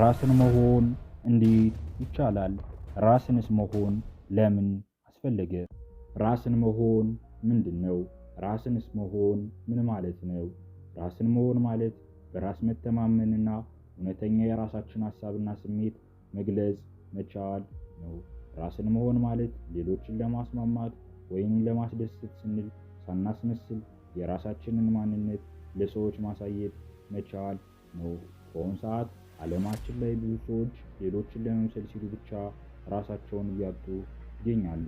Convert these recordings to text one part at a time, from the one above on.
ራስን መሆን እንዴት ይቻላል? ራስንስ መሆን ለምን አስፈለገ? ራስን መሆን ምንድን ነው? ራስንስ መሆን ምን ማለት ነው? ራስን መሆን ማለት በራስ መተማመንና እውነተኛ የራሳችን ሀሳብና ስሜት መግለጽ መቻል ነው። ራስን መሆን ማለት ሌሎችን ለማስማማት ወይም ለማስደሰት ስንል ሳናስመስል የራሳችንን ማንነት ለሰዎች ማሳየት መቻል ነው። በአሁኑ ሰዓት ዓለማችን ላይ ብዙ ሰዎች ሌሎችን ለመምሰል ሲሉ ብቻ ራሳቸውን እያጡ ይገኛሉ።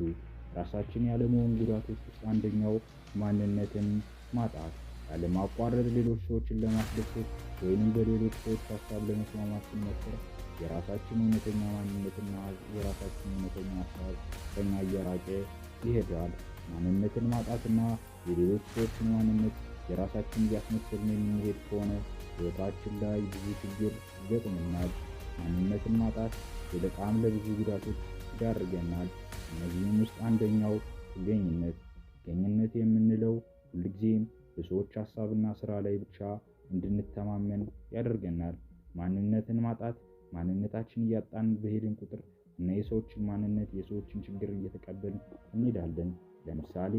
ራሳችን ያለመሆን ጉዳቶች ውስጥ አንደኛው ማንነትን ማጣት፣ ያለማቋረጥ ሌሎች ሰዎችን ለማስደሰት ወይም በሌሎች ሰዎች ሀሳብ ለመስማማት ስንሞክር የራሳችን እውነተኛ ማንነትና የራሳችን እውነተኛ ሀሳብ ከኛ እየራቀ ይሄዳል። ማንነትን ማጣትና የሌሎች ሰዎችን ማንነት የራሳችን እያስመሰልን የምንሄድ ከሆነ ሕይወታችን ላይ ብዙ ችግር ይገጥመናል። ማንነትን ማጣት በጣም ለብዙ ጉዳቶች ይዳርገናል። እነዚህም ውስጥ አንደኛው ጥገኝነት። ጥገኝነት የምንለው ሁልጊዜም በሰዎች ሀሳብና ስራ ላይ ብቻ እንድንተማመን ያደርገናል። ማንነትን ማጣት ማንነታችን እያጣን በሄድን ቁጥር እና የሰዎችን ማንነት የሰዎችን ችግር እየተቀበል እንሄዳለን። ለምሳሌ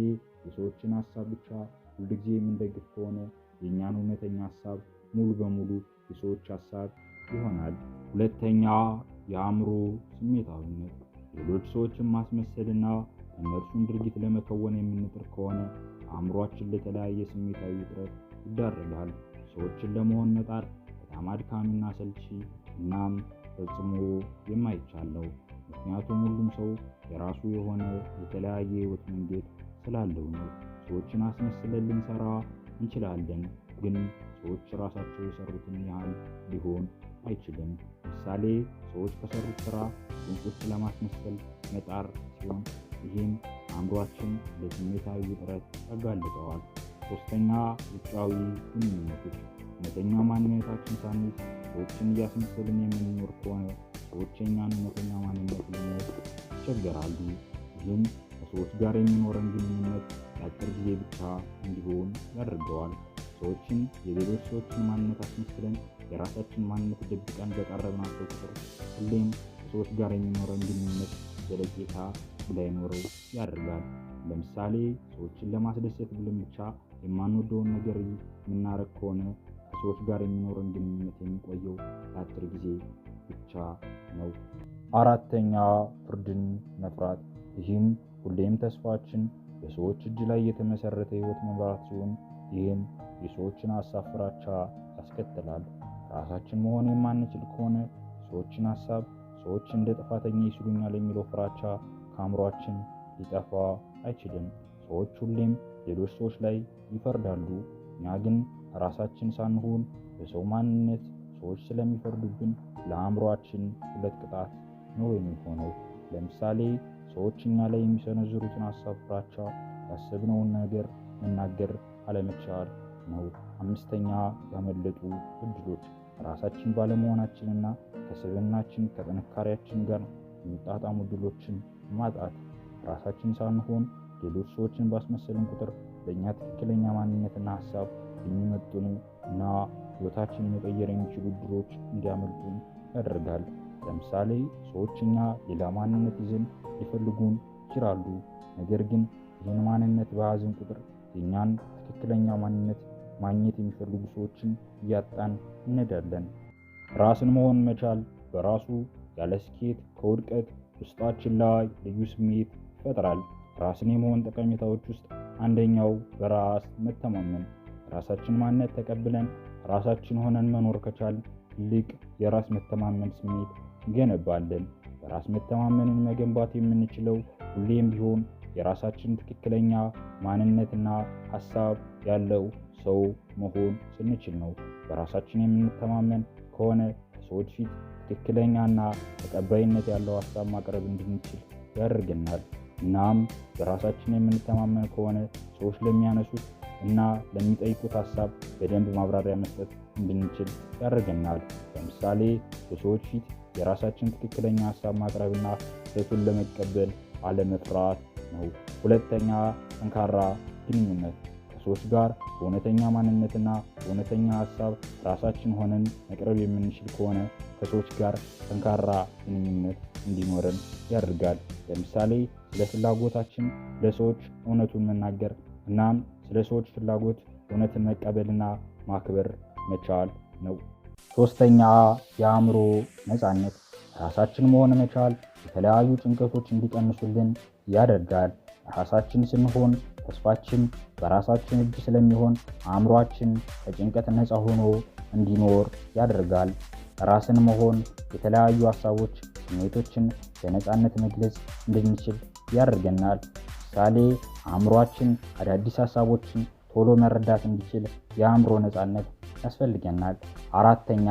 የሰዎችን ሀሳብ ብቻ ሁልጊዜ የምንደግፍ ከሆነ የእኛን እውነተኛ ሀሳብ ሙሉ በሙሉ የሰዎች ሀሳብ ይሆናል። ሁለተኛ የአእምሮ ስሜታዊነት፣ ሌሎች ሰዎችን ማስመሰልና እነርሱን ድርጊት ለመከወን የምንጥር ከሆነ አእምሯችን ለተለያየ ስሜታዊ ውጥረት ይዳረጋል። ሰዎችን ለመሆን መጣር በጣም አድካሚና ሰልቺ እናም ፈጽሞ የማይቻል ነው። ምክንያቱም ሁሉም ሰው የራሱ የሆነ የተለያየ ህይወት መንገድ ስላለው ነው። ሰዎችን አስመስለን ልንሰራ እንችላለን ግን ሰዎች ራሳቸው የሰሩትን ያህል ሊሆን አይችልም። ምሳሌ ሰዎች ከሰሩት ስራ ድንቆች ለማስመሰል መጣር ሲሆን ይህም አእምሯችን ለስሜታዊ ውጥረት ያጋልጠዋል። ሶስተኛ ውጫዊ ግንኙነቶች፣ እውነተኛ ማንነታችን ሳንይዝ ሰዎችን እያስመሰልን የምንኖር ከሆነ ሰዎች የእኛን እውነተኛ ማንነት ለማወቅ ይቸገራሉ። ይህም ከሰዎች ጋር የሚኖረን ግንኙነት ለአጭር ጊዜ ብቻ እንዲሆን ያደርገዋል። ሰዎችን የሌሎች ሰዎችን ማንነት አስመስለን የራሳችን ማንነት ደብቀን በቀረብናቸው ቁጥር ሁሌም ከሰዎች ጋር የሚኖረን ግንኙነት ዘለቄታ እንዳይኖረው ያደርጋል። ለምሳሌ ሰዎችን ለማስደሰት ብለን ብቻ የማንወደውን ነገር የምናረግ ከሆነ ከሰዎች ጋር የሚኖረን ግንኙነት የሚቆየው ለአጭር ጊዜ ብቻ ነው። አራተኛ ፍርድን መፍራት። ይህም ሁሌም ተስፋችን በሰዎች እጅ ላይ የተመሰረተ ህይወት መምራት ሲሆን ይህም የሰዎችን ሀሳብ ፍራቻ ያስከትላል። ራሳችን መሆን የማንችል ከሆነ ሰዎችን ሀሳብ ሰዎች እንደ ጥፋተኛ ይስሉኛል የሚለው ፍራቻ ከአእምሯችን ሊጠፋ አይችልም። ሰዎች ሁሌም ሌሎች ሰዎች ላይ ይፈርዳሉ። እኛ ግን ራሳችን ሳንሆን በሰው ማንነት ሰዎች ስለሚፈርዱብን ለአእምሯችን ሁለት ቅጣት ነው የሚሆነው። ለምሳሌ ሰዎች እኛ ላይ የሚሰነዝሩትን ሀሳብ ፍራቻ፣ ያሰብነውን ነገር መናገር አለመቻል ነው። አምስተኛ ያመለጡ እድሎች ራሳችን ባለመሆናችንና ከስብናችን ከጥንካሬያችን ጋር የሚጣጣሙ እድሎችን ማጣት። ራሳችን ሳንሆን ሌሎች ሰዎችን ባስመሰልን ቁጥር ለእኛ ትክክለኛ ማንነትና ሀሳብ የሚመጥኑ እና ህይወታችን መቀየር የሚችሉ እድሎች እንዲያመልጡን ያደርጋል። ለምሳሌ ሰዎች እኛ ሌላ ማንነት ይዘን ሊፈልጉን ይችላሉ። ነገር ግን ይህን ማንነት በያዝን ቁጥር የእኛን ትክክለኛ ማንነት ማግኘት የሚፈልጉ ሰዎችን እያጣን እንሄዳለን። ራስን መሆን መቻል በራሱ ያለ ስኬት ከውድቀት ውስጣችን ላይ ልዩ ስሜት ይፈጥራል። ራስን የመሆን ጠቀሜታዎች ውስጥ አንደኛው በራስ መተማመን። ራሳችን ማንነት ተቀብለን ራሳችን ሆነን መኖር ከቻል ትልቅ የራስ መተማመን ስሜት እንገነባለን። በራስ መተማመንን መገንባት የምንችለው ሁሌም ቢሆን የራሳችን ትክክለኛ ማንነትና ሀሳብ ያለው ሰው መሆን ስንችል ነው። በራሳችን የምንተማመን ከሆነ ከሰዎች ፊት ትክክለኛና ተቀባይነት ያለው ሀሳብ ማቅረብ እንድንችል ያደርገናል። እናም በራሳችን የምንተማመን ከሆነ ሰዎች ለሚያነሱት እና ለሚጠይቁት ሀሳብ በደንብ ማብራሪያ መስጠት እንድንችል ያደርገናል። ለምሳሌ በሰዎች ፊት የራሳችን ትክክለኛ ሀሳብ ማቅረብና ስህተቱን ለመቀበል አለመፍራት ነው። ሁለተኛ ጠንካራ ግንኙነት ከሰዎች ጋር በእውነተኛ ማንነትና በእውነተኛ ሀሳብ ራሳችን ሆነን መቅረብ የምንችል ከሆነ ከሰዎች ጋር ጠንካራ ግንኙነት እንዲኖረን ያደርጋል። ለምሳሌ ስለ ፍላጎታችን ለሰዎች እውነቱን መናገር እናም ስለ ሰዎች ፍላጎት እውነትን መቀበልና ማክበር መቻል ነው። ሶስተኛ የአእምሮ ነፃነት ራሳችን መሆን መቻል የተለያዩ ጭንቀቶች እንዲቀንሱልን ያደርጋል። ራሳችን ስንሆን ተስፋችን በራሳችን እጅ ስለሚሆን አእምሯችን ከጭንቀት ነፃ ሆኖ እንዲኖር ያደርጋል። ራስን መሆን የተለያዩ ሀሳቦች፣ ስሜቶችን በነፃነት መግለጽ እንድንችል ያደርገናል። ምሳሌ አእምሯችን አዳዲስ ሀሳቦችን ቶሎ መረዳት እንዲችል የአእምሮ ነፃነት ያስፈልገናል። አራተኛ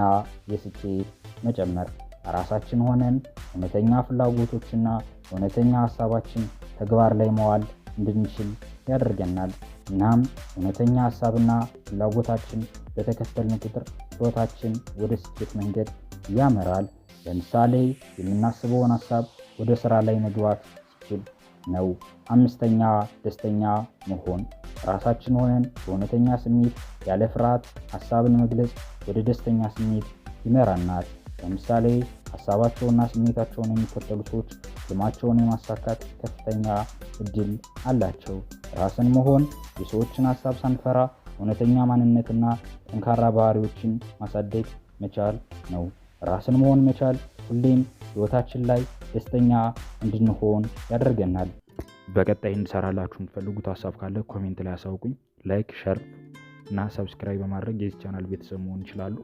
የስኬት መጨመር ራሳችን ሆነን እውነተኛ ፍላጎቶችና እውነተኛ ሀሳባችን ተግባር ላይ መዋል እንድንችል ያደርገናል። እናም እውነተኛ ሀሳብና ፍላጎታችን በተከተልን ቁጥር ህይወታችን ወደ ስኬት መንገድ ያመራል። ለምሳሌ የምናስበውን ሀሳብ ወደ ስራ ላይ መግባት ስችል ነው። አምስተኛ ደስተኛ መሆን ራሳችን ሆነን በእውነተኛ ስሜት ያለ ፍርሃት ሀሳብን መግለጽ ወደ ደስተኛ ስሜት ይመራናል። ለምሳሌ ሀሳባቸውና ስሜታቸውን የሚከተሉ ሰዎች ህልማቸውን የማሳካት ከፍተኛ እድል አላቸው። ራስን መሆን የሰዎችን ሀሳብ ሳንፈራ እውነተኛ ማንነትና ጠንካራ ባህሪዎችን ማሳደግ መቻል ነው። ራስን መሆን መቻል ሁሌም ህይወታችን ላይ ደስተኛ እንድንሆን ያደርገናል። በቀጣይ እንድሰራላችሁ የምትፈልጉት ሀሳብ ካለ ኮሜንት ላይ አሳውቁኝ። ላይክ፣ ሸር እና ሰብስክራይብ በማድረግ የዚህ ቻናል ቤተሰብ መሆን ይችላሉ።